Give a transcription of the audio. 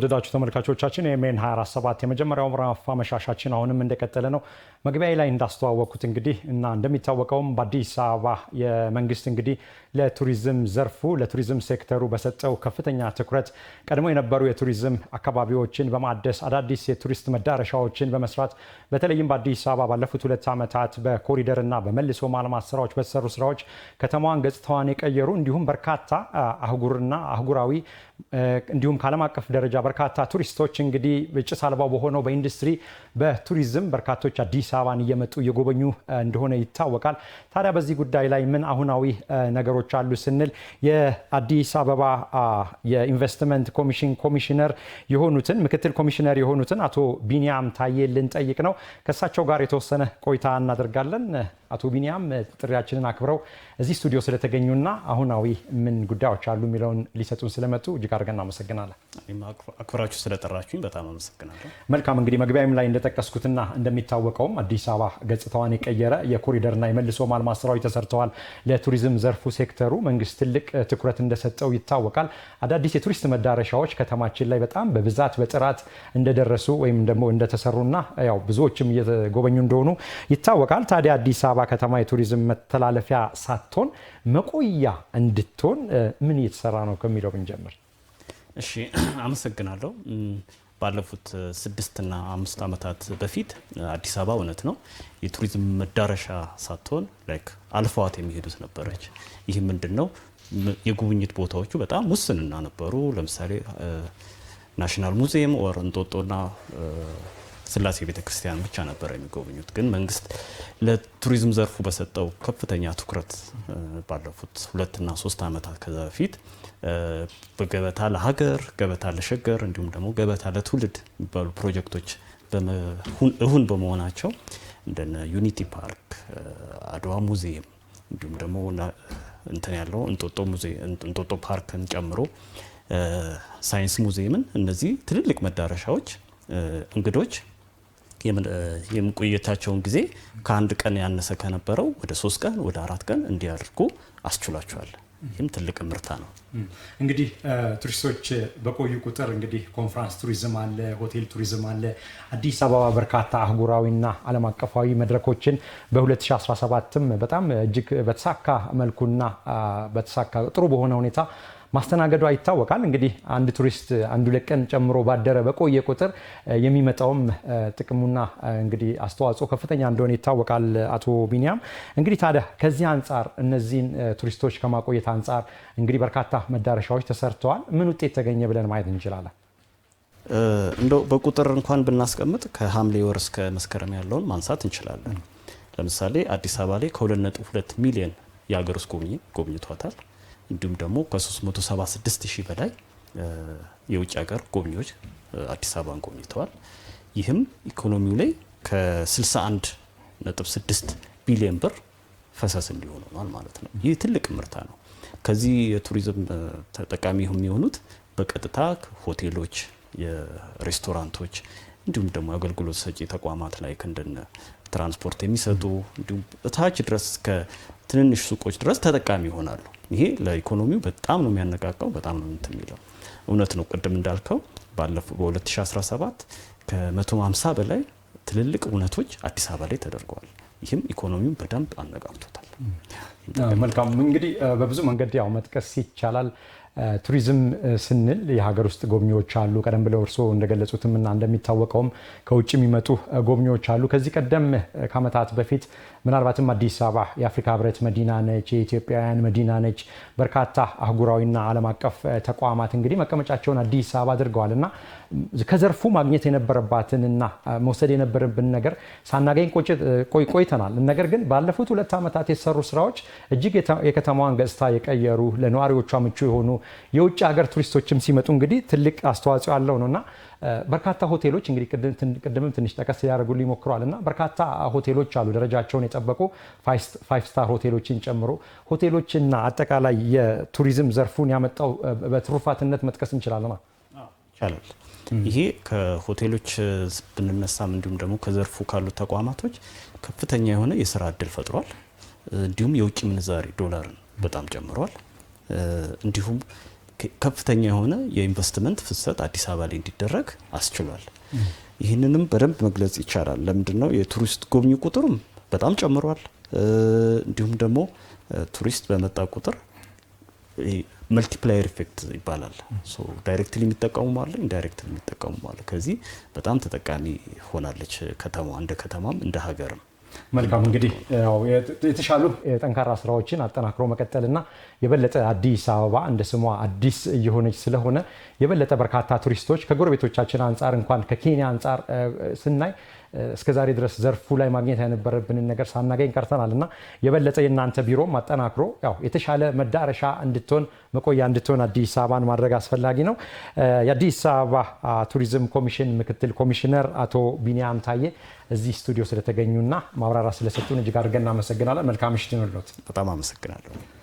ወደዳችሁ ተመልካቾቻችን የሜን 247 የመጀመሪያው ምራፋ መሻሻችን አሁንም እንደቀጠለ ነው። መግቢያ ላይ እንዳስተዋወቅኩት እንግዲህ እና እንደሚታወቀውም በአዲስ አበባ የመንግስት እንግዲህ ለቱሪዝም ዘርፉ ለቱሪዝም ሴክተሩ በሰጠው ከፍተኛ ትኩረት ቀድሞ የነበሩ የቱሪዝም አካባቢዎችን በማደስ አዳዲስ የቱሪስት መዳረሻዎችን በመስራት በተለይም በአዲስ አበባ ባለፉት ሁለት ዓመታት በኮሪደር እና በመልሶ ማልማት ስራዎች በተሰሩ ስራዎች ከተማዋን ገጽታዋን የቀየሩ እንዲሁም በርካታ አህጉርና አህጉራዊ እንዲሁም ከዓለም አቀፍ ደረጃ በርካታ ቱሪስቶች እንግዲህ ጭስ አልባው በሆነው በኢንዱስትሪ በቱሪዝም በርካቶች አዲስ አበባን እየመጡ እየጎበኙ እንደሆነ ይታወቃል። ታዲያ በዚህ ጉዳይ ላይ ምን አሁናዊ ነገሮች ችግሮች አሉ ስንል የአዲስ አበባ የኢንቨስትመንት ኮሚሽን ኮሚሽነር የሆኑትን ምክትል ኮሚሽነር የሆኑትን አቶ ቢኒያም ታዬ ልንጠይቅ ነው። ከእሳቸው ጋር የተወሰነ ቆይታ እናደርጋለን። አቶ ቢኒያም ጥሪያችንን አክብረው እዚህ ስቱዲዮ ስለተገኙና አሁናዊ ምን ጉዳዮች አሉ የሚለውን ሊሰጡን ስለመጡ እጅግ አድርገን እናመሰግናለን። አክብራችሁ ስለጠራችሁኝ በጣም አመሰግናለሁ። መልካም እንግዲህ መግቢያም ላይ እንደጠቀስኩትና እንደሚታወቀውም አዲስ አበባ ገጽታዋን የቀየረ የኮሪደርና የመልሶ ማልማት ስራዎች ተሰርተዋል። ለቱሪዝም ዘርፉ ሴክተሩ መንግስት ትልቅ ትኩረት እንደሰጠው ይታወቃል። አዳዲስ የቱሪስት መዳረሻዎች ከተማችን ላይ በጣም በብዛት በጥራት እንደደረሱ ወይም ደግሞ እንደተሰሩና ያው ብዙዎችም እየተጎበኙ እንደሆኑ ይታወቃል። ታዲያ አዲስ አበባ ከተማ የቱሪዝም መተላለፊያ ሳትሆን መቆያ እንድትሆን ምን እየተሰራ ነው ከሚለው ብንጀምር። እሺ፣ አመሰግናለሁ። ባለፉት ስድስትና አምስት ዓመታት በፊት አዲስ አበባ እውነት ነው የቱሪዝም መዳረሻ ሳትሆን ላይክ አልፈዋት የሚሄዱት ነበረች። ይህ ምንድን ነው? የጉብኝት ቦታዎቹ በጣም ውስንና ነበሩ። ለምሳሌ ናሽናል ሙዚየም ወር እንጦጦና ስላሴ ቤተ ክርስቲያን ብቻ ነበር የሚጎበኙት። ግን መንግስት ለቱሪዝም ዘርፉ በሰጠው ከፍተኛ ትኩረት ባለፉት ሁለትና ሶስት ዓመታት ከዛ በፊት በገበታ ለሀገር ገበታ ለሸገር እንዲሁም ደግሞ ገበታ ለትውልድ የሚባሉ ፕሮጀክቶች እሁን በመሆናቸው እንደነ ዩኒቲ ፓርክ፣ አድዋ ሙዚየም እንዲሁም ደግሞ እንትን ያለው እንጦጦ ፓርክን ጨምሮ ሳይንስ ሙዚየምን እነዚህ ትልልቅ መዳረሻዎች እንግዶች የምቆየታቸውን ጊዜ ከአንድ ቀን ያነሰ ከነበረው ወደ ሶስት ቀን ወደ አራት ቀን እንዲያደርጉ አስችሏቸዋል። ይህም ትልቅ ምርታ ነው። እንግዲህ ቱሪስቶች በቆዩ ቁጥር እንግዲህ ኮንፈረንስ ቱሪዝም አለ፣ ሆቴል ቱሪዝም አለ። አዲስ አበባ በርካታ አህጉራዊና ዓለም አቀፋዊ መድረኮችን በ2017ም በጣም እጅግ በተሳካ መልኩና በተሳካ ጥሩ በሆነ ሁኔታ ማስተናገዷ ይታወቃል። እንግዲህ አንድ ቱሪስት አንድ ሁለት ቀን ጨምሮ ባደረ በቆየ ቁጥር የሚመጣውም ጥቅሙና እንግዲህ አስተዋጽኦ ከፍተኛ እንደሆነ ይታወቃል። አቶ ቢኒያም እንግዲህ ታዲያ ከዚህ አንጻር እነዚህን ቱሪስቶች ከማቆየት አንጻር እንግዲህ በርካታ መዳረሻዎች ተሰርተዋል። ምን ውጤት ተገኘ ብለን ማየት እንችላለን? እንደው በቁጥር እንኳን ብናስቀምጥ ከሐምሌ ወር እስከ መስከረም ያለውን ማንሳት እንችላለን። ለምሳሌ አዲስ አበባ ላይ ከ2.2 ሚሊዮን የሀገር ውስጥ ጎብኚ ጎብኝቷታል። እንዲሁም ደግሞ ከ376 ሺህ በላይ የውጭ ሀገር ጎብኚዎች አዲስ አበባን ጎብኝተዋል። ይህም ኢኮኖሚው ላይ ከ 61 6 ቢሊዮን ብር ፈሰስ እንዲሆኑ ሆኗል ማለት ነው። ይህ ትልቅ ምርታ ነው። ከዚህ የቱሪዝም ተጠቃሚ የሚሆኑት በቀጥታ ሆቴሎች፣ የሬስቶራንቶች እንዲሁም ደግሞ የአገልግሎት ሰጪ ተቋማት ላይ እንደነ ትራንስፖርት የሚሰጡ እንዲሁም እታች ድረስ ከትንንሽ ሱቆች ድረስ ተጠቃሚ ይሆናሉ። ይሄ ለኢኮኖሚው በጣም ነው የሚያነቃቃው፣ በጣም ነው እንትን የሚለው እውነት ነው። ቅድም እንዳልከው ባለፈው በ2017 ከ150 በላይ ትልልቅ እውነቶች አዲስ አበባ ላይ ተደርገዋል። ይህም ኢኮኖሚውን በደንብ አነቃቅቶታል። መልካም እንግዲህ በብዙ መንገድ ያው መጥቀስ ይቻላል። ቱሪዝም ስንል የሀገር ውስጥ ጎብኚዎች አሉ። ቀደም ብለው እርስዎ እንደገለጹትም እና እንደሚታወቀውም ከውጭ የሚመጡ ጎብኚዎች አሉ። ከዚህ ቀደም ከዓመታት በፊት ምናልባትም አዲስ አበባ የአፍሪካ ሕብረት መዲና ነች፣ የኢትዮጵያውያን መዲና ነች። በርካታ አህጉራዊና ዓለም አቀፍ ተቋማት እንግዲህ መቀመጫቸውን አዲስ አበባ አድርገዋል እና ከዘርፉ ማግኘት የነበረባትን እና መውሰድ የነበረብን ነገር ሳናገኝ ቆይተናል። ነገር ግን ባለፉት ሁለት ዓመታት የተሰሩ ስራዎች እጅግ የከተማዋን ገጽታ የቀየሩ ለነዋሪዎቿ ምቹ የሆኑ የውጭ ሀገር ቱሪስቶችም ሲመጡ እንግዲህ ትልቅ አስተዋጽኦ ያለው ነውና በርካታ ሆቴሎች እንግዲህ ቅድምም ትንሽ ጠቀስ ሊያደርጉ ይሞክረዋል እና በርካታ ሆቴሎች አሉ ደረጃቸውን የጠበቁ ፋይቭ ስታር ሆቴሎችን ጨምሮ ሆቴሎችና አጠቃላይ የቱሪዝም ዘርፉን ያመጣው በትሩፋትነት መጥቀስ እንችላለን። ይቻላል። ይሄ ከሆቴሎች ብንነሳም እንዲሁም ደግሞ ከዘርፉ ካሉት ተቋማቶች ከፍተኛ የሆነ የስራ እድል ፈጥሯል። እንዲሁም የውጭ ምንዛሬ ዶላርን በጣም ጨምሯል። እንዲሁም ከፍተኛ የሆነ የኢንቨስትመንት ፍሰት አዲስ አበባ ላይ እንዲደረግ አስችሏል። ይህንንም በደንብ መግለጽ ይቻላል። ለምንድን ነው የቱሪስት ጎብኚ ቁጥርም በጣም ጨምሯል። እንዲሁም ደግሞ ቱሪስት በመጣ ቁጥር መልቲፕላየር ኢፌክት ይባላል። ዳይሬክትሊ የሚጠቀሙ አለ፣ ኢንዳይሬክትሊ የሚጠቀሙ አለ። ከዚህ በጣም ተጠቃሚ ሆናለች ከተማ እንደ ከተማም እንደ ሀገርም መልካም እንግዲህ የተሻሉ የጠንካራ ስራዎችን አጠናክሮ መቀጠልና የበለጠ አዲስ አበባ እንደ ስሟ አዲስ እየሆነች ስለሆነ የበለጠ በርካታ ቱሪስቶች ከጎረቤቶቻችን አንጻር እንኳን ከኬንያ አንጻር ስናይ እስከዛሬ ድረስ ዘርፉ ላይ ማግኘት የነበረብንን ነገር ሳናገኝ ቀርተናል እና የበለጠ የእናንተ ቢሮ አጠናክሮ ያው የተሻለ መዳረሻ እንድትሆን መቆያ እንድትሆን አዲስ አበባን ማድረግ አስፈላጊ ነው። የአዲስ አበባ ቱሪዝም ኮሚሽን ምክትል ኮሚሽነር አቶ ቢኒያም ታዬ እዚህ ስቱዲዮ ስለተገኙና ማብራሪያ ስለሰጡን እጅግ አድርገን እናመሰግናለን። መልካም ምሽት ይሁንልዎት። በጣም አመሰግናለሁ።